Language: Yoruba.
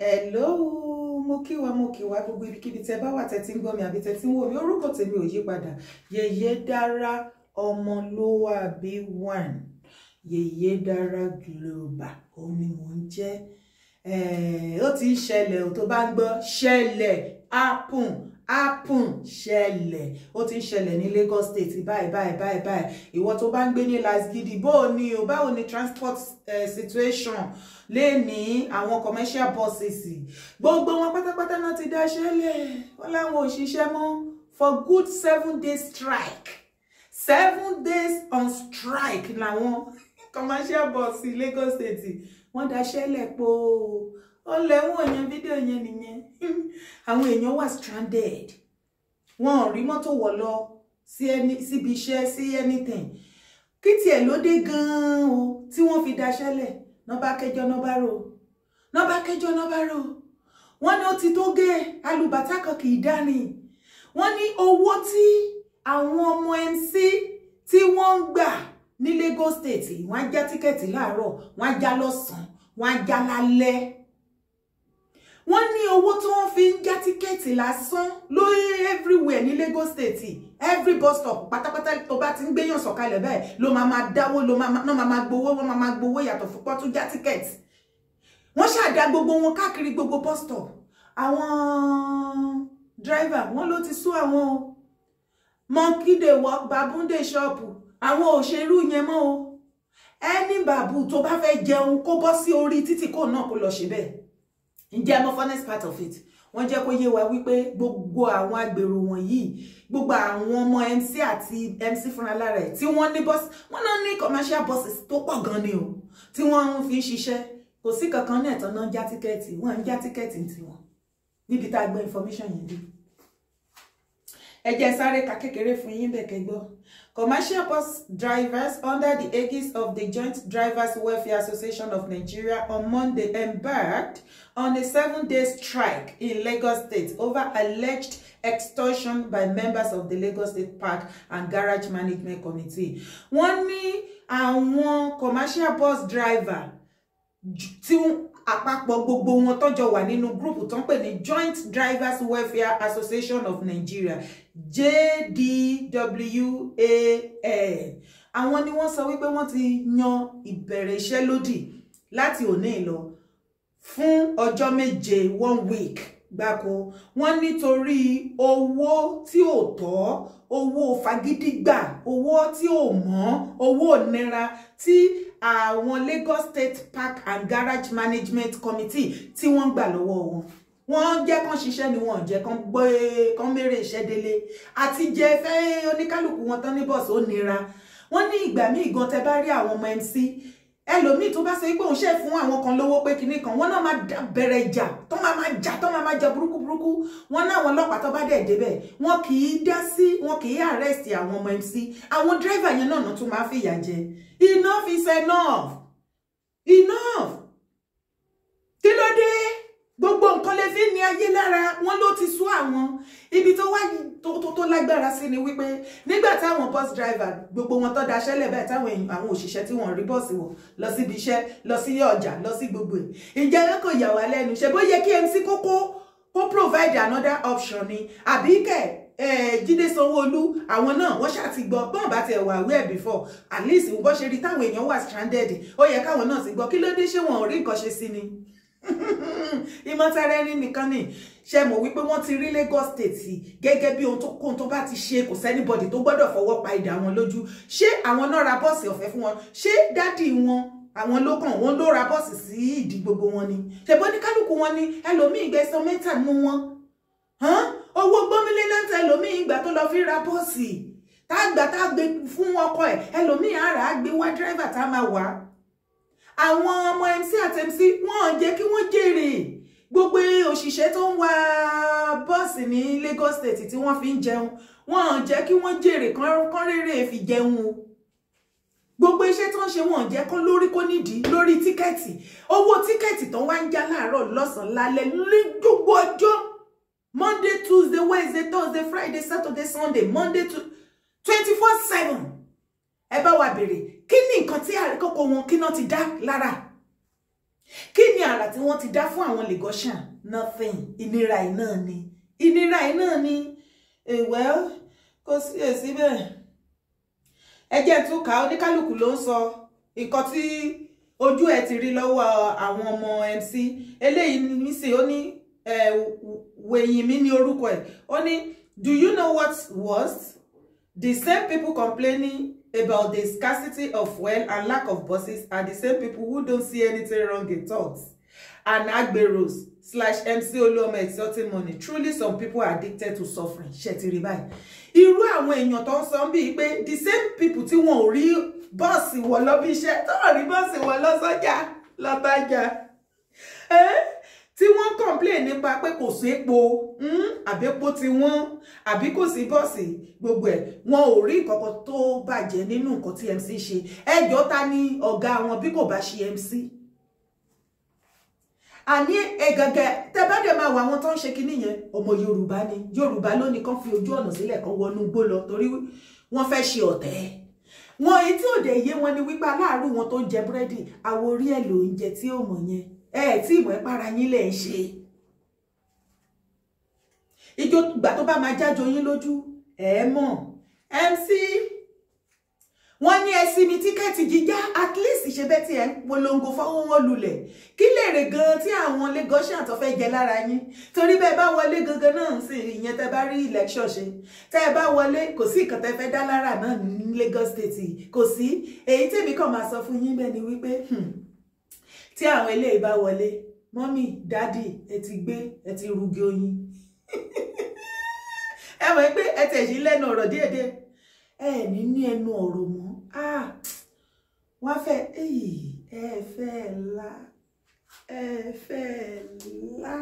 hello mo kí wa mo kí wa gbogbo ibikíbi tẹ bá wà tẹ ń gbọ́ mi àbí tẹ ń wò mí orúkọ tèmi ò yípadà yèyé dára ọmọ ló wà bí one yèyé dára global òun ni mò ń jẹ́ ó ti ń ṣẹlẹ̀ ò tó bá ń gbọ́ ṣẹlẹ̀ happen happen ṣẹlẹ̀ ó ti ń ṣẹlẹ̀ ní Lagos State báyìí báyìí báyìí báyìí ìwọ tó bá ń gbé ní Lasgidi bó o ní o báwo ni transport uh, situation lè ní àwọn commercial buses gbogbo wọn pátápátá náà ti dá ṣẹlẹ̀ wọn láwọn òṣìṣẹ́ mọ́ for good seven days strike seven days on strike làwọn commercial bus Lagos State wọ́n daṣẹ́ lẹ̀ po ó lẹ́wọ̀n yẹn fídíò yẹn nìyẹn àwọn èèyàn wà stranded wọn ò rí mọ́tò wọ̀ lọ síbi iṣẹ́ sí anything kí tiẹ̀ ló dé gan-an o tí wọ́n fi daṣẹ́ lẹ̀ nọ́bá kẹjọ nọ́bá rò nọ́bá kẹjọ nọ́bá rò wọ́n ní ó ti tó gé alùbátà kan kì í dárìn wọ́n ní owó tí àwọn ọmọ MC tí wọ́n ń gbà ní Lagos State wọ́n á já tíkẹ́ẹ̀tì láàárọ̀ wọ́n á já lọ́sàn-án wọ́n á já lálẹ́ wọ́n ní owó tí wọ́n fi ń já tíkẹ́ẹ̀tì lásán lórí everywhere ní Lagos State every bus stop pátápátá tó bá ti ń gbéyàn sọ̀kalẹ̀ bẹ́ẹ̀ ló máa máa dáwó ló máa máa gbowó wọ́n máa máa gbowó yàtọ̀ fún pọ́tú já tíkẹ́ẹ̀tì wọ́n ṣàdá gbogbo wọn káàkiri gbogbo bus stop àwọn driver wọ́n ló ti sú àwọn o monkey dey work baboon dey shop àwọn òṣèrú yẹn mọ́ o ẹni bàbú tó bá fẹ́ jẹun kó bọ́ sí orí títì kó náà kó lọ ṣe bẹ́ẹ̀ ǹjẹ́ mọ funnest part of it wọ́n jẹ́ kó yé wa wípé gbogbo àwọn agbèrò wọ̀nyí gbogbo àwọn ọmọ MC àti MC fúnra lára ẹ̀ tí wọ́n ní bọ́sì wọ́n náà ní commercial buses tó pọ̀ gan ni o tí wọ́n ń fi ṣiṣẹ́ kò sí kankan náà tán náà já tíkẹ́ẹ̀tì wọ́n ń já Ti tiwọn níbi tá a information yẹn dé ẹ jẹ́ sáré ka kékeré fún yín bẹ̀ kẹ́gbọ́. Commercial bus drivers under the aegis of the Joint Drivers Welfare Association of Nigeria on Monday embarked on a seven-day strike in Lagos State over alleged extortion by members of the Lagos State Park and Garage Management Committee. Wọ́n ní àwọn commercial bus driver tí àpapọ̀ gbogbo wọn tọ́jọ wà nínú gúrùpù tó ń pè ní Joint Drivers Welfare Association of Nigeria JDWAN àwọn ni wọ́n sọ wípé wọ́n ti yan ìbẹ̀rẹ̀ iṣẹ́ lódì láti òní ìlọ fún ọjọ́ méje one week gbáko wọ́n nítorí owó tí ò tọ́ owó fagídígbà owó tí ò mọ́ owó nira tí àwọn Lagos State Park and Garage Management Committee tí wọ́n gbà lọ́wọ́ wọn wọ́n jẹ́ kán ṣiṣẹ́ ni wọ́n jẹ́ kán gbé kán mérè iṣẹ́ délé àti jẹ fẹ́ oníkálukú wọn tán ní bọ́ọ̀sì ó nira wọ́n ní ìgbà míì gan tẹ bá rí àwọn ọmọ MC ẹlòmíì tó bá ṣe pé òun ṣe fún àwọn kan lówó pé kinní kan wọn náà máa bẹ̀rẹ̀ ìjà tó máa máa jà tó máa máa jà burúkú burúkú wọn náà àwọn ọlọ́pàá tó bá dẹ̀ débẹ̀ wọn kì í dá sí wọn kì í arrest àwọn ọmọ MC àwọn dírẹ́fà yẹn náà tún máa fìyà jẹ enough is enough enough ayé lára wọn ló ti sú àwọn ibi tó wá tó lágbára sí ni wípé nígbà táwọn bus driver gbogbo wọn tó daṣẹ́ lẹ̀ báyìí táwọn èèyàn àwọn òṣìṣẹ́ tí wọ́n rí bọ́ọ̀sì wọ̀ lọ síbi iṣẹ́ lọ sí ọjà lọ sí gbogbo ẹ̀ ìjẹ́ kò yà wá lẹ́nu ṣe bó yẹ kí MC kókó kó provide another option ni àbí kẹ̀ jíde sanwóolu àwọn náà wọ́n ṣàti gbọ́ bọ́n bá tiẹ̀ wà wíẹ̀ before at least bó ṣe rí táwọn èèyàn wà stranded ó yẹ káwọn náà ti gbọ́ kí ló dé ṣé wọn ò rí nǹkan ṣe sí ni. ìmọ̀tara ẹni nìkan ni ṣe mọ̀ wípé wọ́n ti rí Lagos State gẹ́gẹ́ bí ohun tó kóhun tó bá ti ṣe kò sẹ́nibọ̀dì tó gbọ́dọ̀ fọwọ́ pa ìdá wọn lójú ṣé àwọn náà ra bọ́ọ̀sì ọ̀fẹ́ fún wọn ṣé dádì wọn àwọn ló kàn wọn ló ra bọ́ọ̀sì sí ìdí gbogbo wọn ni ṣèbó ní kálukú wọn ni ẹlòmíì gbẹ̀san mẹ́ta nú wọn owó gbọ́mílé náà tẹ ẹlòmíì ìgbà tó lọ fi ra bọ́ọ̀sì tá a gbà tá a gbé fún ọkọ ẹ̀ ẹlòmíì ara á gbé wá dírẹ́fà tá a máa wàá àwọn ọmọ MC àti MC wọ́n jẹ́ kí wọ́n jèrè gbogbo òṣìṣẹ́ tó ń wa bọ́ọ̀sì ní Lagos State tí wọ́n fi ń jẹun wọ́n jẹ́ kí wọ́n jèrè kán rere fi jẹun o gbogbo iṣẹ́ tó ń ṣe wọ́n jẹ́ kán lórí kó nídìí lórí tíkẹ́ẹ̀tì owó tíkẹ́ẹ̀tì tó wá ń já láàárọ̀ lọ́sàn-án lálẹ́ lójúgbò ọjọ́ Monday Tuesday Wednesday Thursday Friday Saturday Sunday Monday to twenty four seven ẹ bá wa bèrè kí ni nǹkan tí àríkọ́kọ́ wọn kí náà ti dá lára kí ni àrà tí wọ́n ti dá fún àwọn Lagosian nothing ìnira yìí náà ni ìnira yìí náà ni eh, well kò sí èsì bẹ́ẹ̀ ẹ jẹ́ tún ká oníkálukú ló ń sọ nǹkan tí ojú ẹ ti rí lọ́wọ́ àwọn ọmọ MC eléyìí nísìnyí ó ní eh, wẹ̀yìn mi ní orúkọ ẹ̀ ó ní do you know what's worst? the same people complaining about the scarcity of well and lack of buses are the same people who don't see anything wrong in thugs and agberos slash mc olúọmọ exulting money truly some people are addicted to suffering Shetty ribai. irú àwọn èèyàn tó ń sọ bíi pé the same people tí wọn ò rí bọ́ọ̀sì wọ̀ lọ bí iṣẹ́ tó rí bọ́ọ̀sì wọ̀ lọ sọ́jà lọ́tajà. Eh? tí wọ́n ń complain nípa pé kò sí epo hmm, àbí epo tí wọ́n àbí kò sí bọ́ọ̀sì gbogbo ẹ̀ wọn ò rí nǹkan tó bàjẹ́ nínú nǹkan tí MC ṣe ẹjọ́ ta ni ọ̀gá wọn bí kò bá ṣe MC àní ẹ̀gẹ̀gẹ̀ tẹ bá dẹ̀ máa wà àwọn tó ń ṣe kinní yẹn ọmọ Yorùbá ni Yorùbá ló ní kán fi ojú ọ̀nà sílẹ̀ kán wọnú igbó lọ torí wọ́n fẹ́ ṣe ọ̀tẹ̀ wọn èyí tí ò dẹ̀ yé wọn ni wípé aláàárù wọn tó ń jẹ búrẹ́dì àwòrí ẹ̀ ló ń tí ò mọ̀ yẹn ẹ ẹ̀ tí ìmọ̀ ìpara yín lẹ̀ ń ṣe ìjọ ìgbà tó bá máa jájọ yín lójú ẹ mọ̀ MC wọ́n ní ẹ sinmi tíkẹ́ẹ̀tì jíjá at least ṣe bẹ́ẹ̀ tí ẹ ń polongo fọwọ́ wọn lulẹ̀ kí lèrè gan tí àwọn Lagosian tó fẹ́ jẹ lára yín torí bẹ́ẹ̀ bá wọlé gangan náà sì ìyẹn tẹ́ bá rí election ṣe tẹ́ ẹ bá wọlé kò sí nǹkan tẹ́ fẹ́ dá lára náà ní Lagos State kò sí èyí tèmi kàn máa sọ fún yín bẹ́ẹ̀ ni wípé hmm tí àwọn eléyìí bá wọlé mọ́mì dádì ẹ ti gbé ẹ ti rugi oyin ẹ mọ̀ pé ẹ tẹ̀ sí lẹ́nu ọ̀rọ̀ díẹ̀díẹ̀ ẹ ní ní ẹnu ọ̀rọ̀ mọ́ ah! wọ́n fẹ́ ẹ fẹ́ la ẹ fẹ́ la.